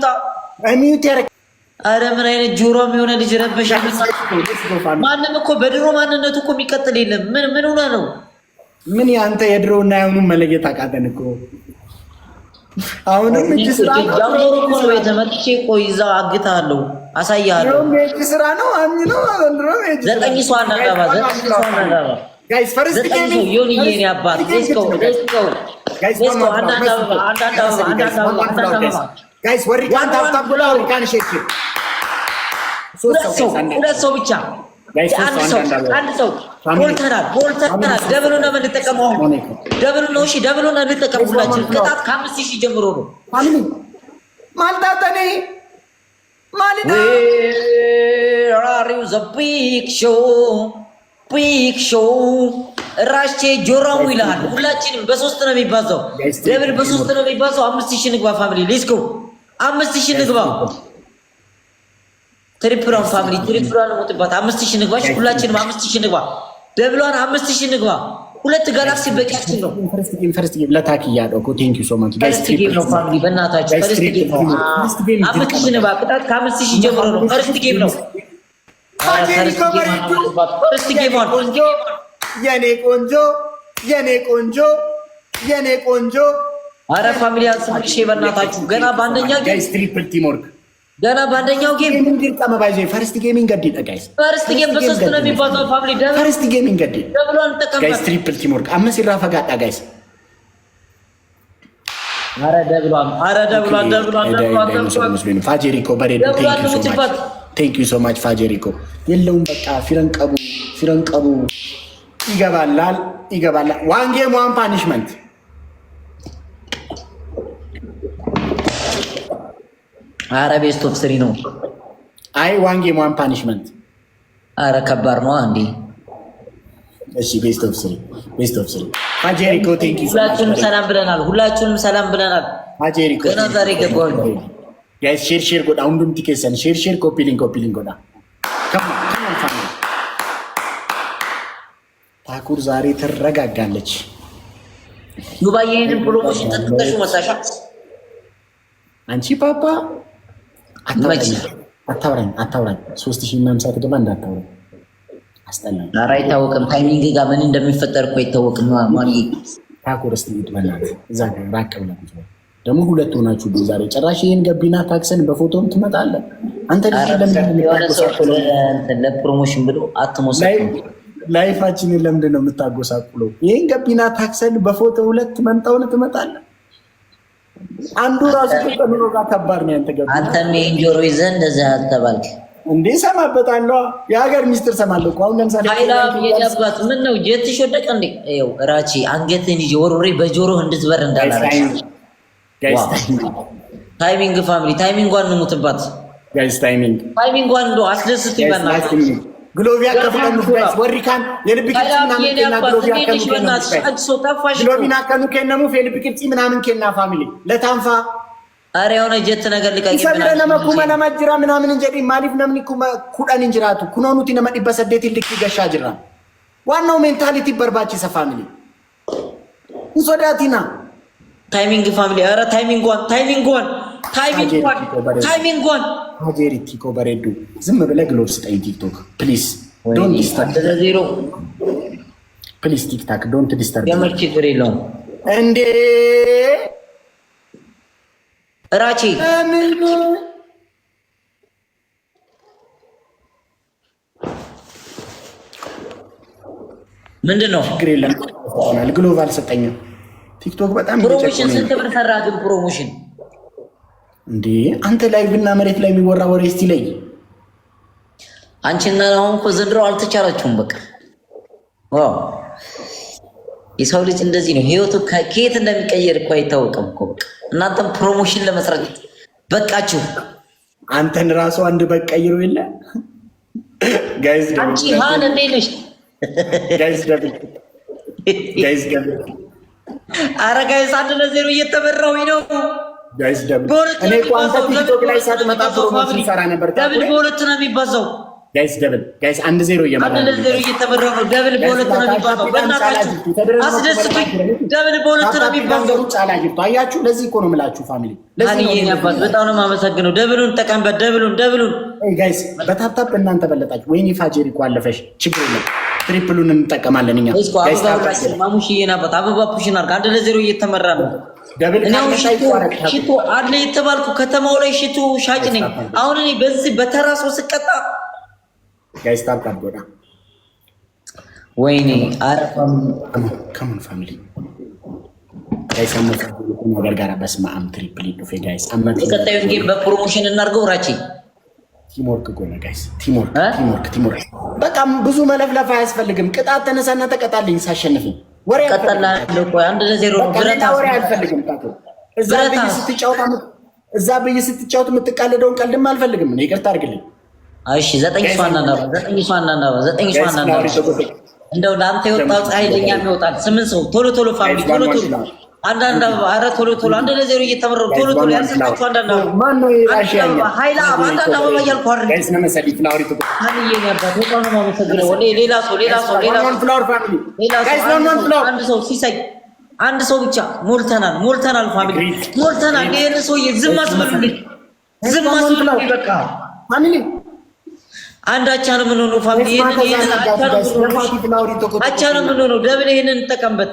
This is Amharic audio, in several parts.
ይውጣ። ሚዩት ያረክ አረ ምን አይነት ጆሮ የሆነ ልጅ ረበሽ። ማንም እኮ በድሮ ማንነቱ እኮ የሚቀጥል የለም። ምን ምን ሆነ ነው? ምን ያንተ የድሮ እና የአሁኑ መለየት አቃተን እኮ። አሁንም እጅ ስራ ነው። ተመጥቼ ቆይ እዛው አግታለሁ፣ አሳያለሁ። እጅ ስራ ነው። አሚ ነው ዘንድሮም ዘጠኝ ሰው አናጋባ፣ ዘጠኝ ሰው አናጋባ ጋይስ ፈርስት ጌም ዮኒዬን ያባት ሌትስ ጎ ሌትስ ጎ ጋይስ አንድ አንድ አንድ አንድ አንድ ጋይስ ወሪቃን ታብታብ ብሎ ወሪቃን ሸኪ ሁለት ሰው ብቻ አንድ ሰው አንድ ሰው ቦልተናል ቦልተናል። ደብሉ ነው የምንጠቀመው አሁን ደብሉ ነው። እሺ ደብሉ ነው የምንጠቀመው ሁላችን። ቅጣት ከአምስት ሺህ ጀምሮ ነው። ማልታጠኔ ማልዳ ራሪው ዘ ቢግ ሾው ቢግ ሾው ራሼ ጆራሙ ይልሃል። ሁላችንም በሶስት ነው የሚባዛው። ደብል በሶስት ነው የሚባዛው። አምስት ሺህ ንግባ ፋሚሊ ሌስኮ አምስት ሺህ ንግባ ፋሚሊ ትሪፕሏን ሞትባት አምስት ሺህ ንግባ። ሁላችንም አምስት ሺህ ንግባ። በብሏን አምስት ሺህ ንግባ። ሁለት ጋላክሲ በቂያችን ነው። ለታክ እያለ ቴንክ ዩ ሶ ማች ፈርስት ጌም ነው ፋሚሊ፣ በእናታችሁ ፈርስት ጌም ነው። አምስት ሺህ ንግባ። ቅጣት ከአምስት ሺህ ጀምሮ ነው። ፈርስት ጌም ነው። ፈርስት ጌም ነው። የኔ ቆንጆ የኔ ቆንጆ የኔ ቆንጆ አረ ፋሚሊ አስር በእናታችሁ ገና በአንደኛ ጌም ትሪፕል ቲም ገና በአንደኛው ጌም ፈርስት ጌሚንግ ገድል ጋይስ ፈርስት ጌም በሶስት ነው የሚባለው ፋሚሊ ፈርስት ጌሚንግ ደብሎ ጋይስ ትሪፕል ቲም አምስት ይራፋ ጋጣ ጋይስ አረ ደብሏል አረ ደብሏል ደብሏል ደብሏል ፋጀሪኮ በሬዶ ቴንክ ዩ ቴንክ ዩ ሶ ማች ፋጀሪኮ የለውም በቃ ፊረንቀቡ ፊረንቀቡ ይገባላል ይገባላል ዋን ጌም ዋን ፓኒሽመንት አረ ቤስት ኦፍ ስሪ ነው። አይ ዋን ጌም ዋን ፓኒሽመንት። አረ ከባድ ነው እንዴ! እሺ ቤስት ኦፍ ስሪ፣ ቤስት ኦፍ ስሪ። አጀሪኮ ቴንኪ። ሁላችሁንም ሰላም ብለናል። ሁላችሁንም ሰላም ብለናል። አጀሪኮ ገና ዛሬ ገባው ጋይስ። ሼር ሼር ጎዳ ሁንዱም ቲኬሰን ሼር ሼር ኮፒ ሊንክ ኮፒ ሊንክ ጎዳ ታኩር ዛሬ ትረጋጋለች። ዩባዬን ብሎ ሽ ጠጥተሽ መሳሻ አንቺ ፓፓ አታውራኝ አታውራኝ። ሶስት ሺህ ምናምን ሰዓት ገባ እንዳታውራኝ አስጠላኝ። ኧረ አይታወቅም፣ ታይሚንግ ጋር ምን እንደሚፈጠር እኮ አይታወቅም። ሂድ በእናትህ እዛ ራቅ ብለህ ደግሞ ሁለት ሆናችሁ ዛሬ ጭራሽ ይህን ገቢና ታክሰን በፎቶም ትመጣለህ አንተ። ለፕሮሞሽን ብሎ ላይፋችንን ለምንድን ነው የምታጎሳቁለው? ይህን ገቢና ታክሰን በፎቶ ሁለት መንጣውን ትመጣለህ አንዱ ራሱ ከጠምሮ ጋር ከባድ ነው። ያንተ አንተም የእንጆሮ ይዘህ እንደዚህ አልተባልክ እንዴ? ሰማበታለሁ። የሀገር ሚስጥር ሰማለሁ እኮ አሁን ለምሳሌ ምን ነው ጀትሽ ወደቀ እንዴ? ው ራቺ አንገትን ይዤ ወሮሬ በጆሮ እንድትበር እንዳላረች ጋይስ ታይሚንግ ፋሚሊ ታይሚንጓን እንሙትባት ታይሚንግ ታይሚንጓን እንደው አስደስት ይበናል ግሎቢያ ከፍቀኑጋይስ ወሪካን የልብ ቅርጽ ግሎቢና ከኑኬነሙፍ የልብ ቅርጽ ምናምን ኬና ፋሚሊ ለታንፋ አረ የሆነ ጀት ነገር ልቀቂ ይሰብረ ነመኩመ ነመጅራ ምናምን እንጀዲ ማሊፍ ነምን ኩዳን እንጅራቱ ኩኖኑቲ ነመዲ በሰደት ሰዴት ልክ ገሻ ጅራ ዋናው ሜንታሊቲ በርባችሰ ፋሚሊ እንሶዳቲና ታይሚንግ ፋሚሊ አረ ታይሚንግ ዋን ታይሚንግ ዋን ታይሚንጓን ሀጄሪቲኮ በሬዱ ዝም ብለህ ግሎብ ስጠኝ። ቲክቶክ ፕሊዝ ዶንት ዲስተርብ ፕሊዝ። ቲክታክ ዶንት ዲስተርብ። የምር ችግር የለውም እንዴ ራቺ ምንድን ነው ችግር የለም። ግሎብ አልሰጠኝም። ቲክቶክ በጣም ፕሮሞሽን ስንት ብር ሰራ ግን ፕሮሞሽን እንዴ አንተ ላይቭና መሬት ላይ የሚወራ ወሬ እስቲ ለይ። አንቺና አሁን እኮ ዘንድሮ አልተቻላችሁም። በቃ ዋው የሰው ልጅ እንደዚህ ነው ህይወቱ ከየት እንደሚቀየር እኮ አይታወቅም እኮ እናንተም ፕሮሞሽን ለመስራት በቃችሁ። አንተን ራሱ አንድ በቀይሩ የለ ጋይዝ አንቺ ሃን እንዴ ነሽ ጋይዝ ደብል ጋይዝ ደብል አረ ጋይዝ አንድ ለዜሮ እየተመራሁኝ ነው እኔ ቋንቋ ቲክቶክ ላይ ሳትመጣ ፕሮሞሽን ሰራ ነበር። ደብል በሁለት ነው የሚባዛው። ጋይስ ደብል ጋይስ አንድ ዜሮ አያችሁ። ለዚህ እኮ ነው የምላችሁ ፋሚሊ። በጣም ነው የማመሰግነው። ደብሉን ጠቀምበት። ደብሉን ደብሉን ጋይስ በታፕታፕ እናንተ በለጣችሁ። ወይኔ ፋጀሪ እኮ አለፈሽ። ችግር የለም ትሪፕሉን እንጠቀማለን እኛ። አበባ ፑሽን አድርግ። አንድ ለዜሮ እየተመራ ነው ሽቶ አለ የተባልኩ ከተማው ላይ ሽቶ ሻጭ ነኝ። አሁን እኔ በዚህ በተራ ሰው ስቀጣ ወይኔ ከምን ፋሚሊ ነገር ጋር በስመ አብ ትሪፕል ዱፌ ጋይስ ቀጣዩን ጌም በፕሮሞሽን እናድርገው። ራቼ ቲሞርክ ጎነ ጋይስ ቲሞርክ ቲሞርክ ቲሞርክ በጣም ብዙ መለፍለፍ አያስፈልግም። ቅጣት ተነሳና ተቀጣልኝ ሳሸንፍኝ እዛ ብይ ስትጫወት የምትቃለደውን ቀልድም አልፈልግም። ይቅርታ አድርግልኝ። እሺ ዘጠኝ ሰው አናናባ ዘጠኝ ሰው አናናባ እንደው ለአንተ የወጣው ፀሐይ ለእኛም ይወጣል። ስምንት ሰው ቶሎ ቶሎ ፋሚሊ ቶሎ ቶሎ አንዳንድ አበባ ቶሎ ቶሎ አንድ እየተመረሩ ቶሎ ቶሎ አንዳንድ ሌላ ሰው ሌላ ሰው አንድ ሰው ሲሳይ አንድ ሰው ብቻ ሞልተናል፣ ሞልተናል፣ ፋሚሊ ሞልተናል። ይህን ሰውዬ ዝም አስበሉልኝ፣ ዝም አስበሉልኝ። በቃ ፋሚሊ አቻ ነው የምንሆነው ፋሚሊ፣ አቻ ነው የምንሆነው። ደብል ይህንን እንጠቀምበት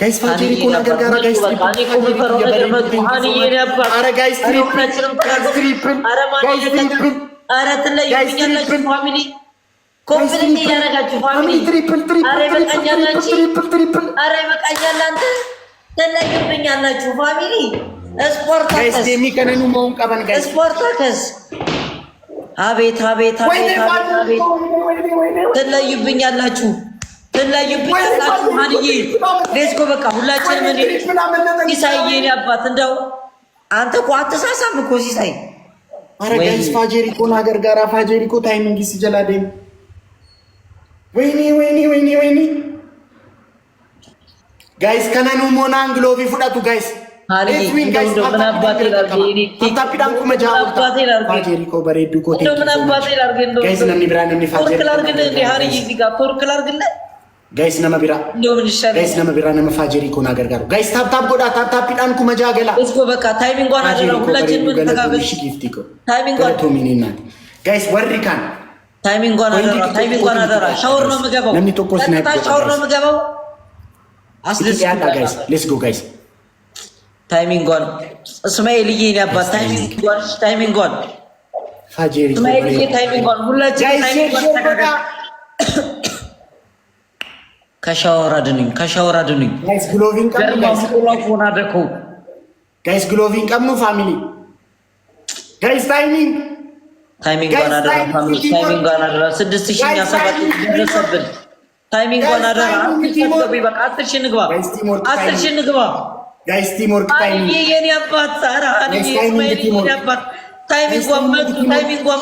ጋይስ ፋጀሪ እኮ ነገር ጋር ጋይስ ትሪፕል ኧረ ትለዩኛላችሁ። ፋሚሊ ኮንፍደንት እያደረጋችሁ ፋሚሊ ትሪፕል ትሪፕል ትሪፕል ኧረ ይበቃኛል። አንተ ትለዩብኛላችሁ ፋሚሊ ስፖርታከስ የሚቀነኑ መሆን ቀበን ጋር ስፖርታከስ አቤት አቤት አቤት ትለዩብኛላችሁ ትለዩብኛላችሁ። ማንዬ ሌስኮ በቃ ሁላችንም ሲሳይ የኔ አባት እንደው አንተ እኮ አትሳሳም እኮ ሲሳይ አረ ጋይስ ፋጀሪኮ ናገር ጋራ ፋጀሪኮ ታይሚንግ ሲጀላደ ወይኒ ወይኒ ወይኒ ወይኒ ጋይስ ከነኑ ሞና አንግሎቪ ፉዳቱ ጋይስ ምን አባቴ ላድርግ? ጋይስ ነመ ቢራ ጋይስ ነመ ቢራ ነመ ፋጀሪ ኮን አገር ጋር ጋይስ ታብታብ ጎዳ ታብታብ ፒዳን ዳን ኩ መጃ ገላ እስኮ በቃ ታይሚንግ ጓና አደረ ሁላችን ምን ተጋበዝ ታይሚንግ ጓና ቶሚኒና ጋይስ ወሪ ካን ታይሚንግ ጓና አደረው ታይሚንግ ጓና አደረ ሻወር ነው የምገባው ለምን ተቆስ ነው ናይ ሻወር ነው የምገባው አስለስ ያላ ጋይስ ሌትስ ጎ ጋይስ ታይሚንግ ጓን እስማኤል ይይ ነው አባ ታይሚንግ ጓን ታይሚንግ ጓን ፋጀሪ እስማኤል ይይ ታይሚንግ ጓን ሁላችን ታይሚንግ ጓን ተጋበዝ ከሻወር አድኑኝ፣ ከሻወር አድኑኝ። ጋይስ ግሎቪን ፋሚሊ ጋይስ ታይሚንግ ታይሚንጓን ፋሚሊ ስድስት እኛ ሰባት ደረሰብን። በቃ አስር ንግባ፣ አስር ንግባ ጋይስ ቲሞርክ ታይሚንግ የኔ አባት ኧረ የኔ አባት ንግባ ታይሚንግ ታይሚንጓን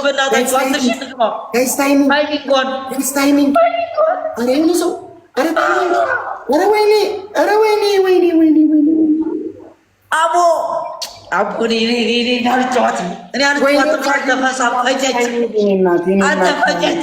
ታይሚንግ ኧረ የኔ ሰው ኧረ ወይኔ ኧረ ወይኔ ወይኔ ወይኔ ወይኔ አቦ አልጨዋትም። እኔ አልጨዋትም። አንተ ፈጨት፣ አንተ ፈጨት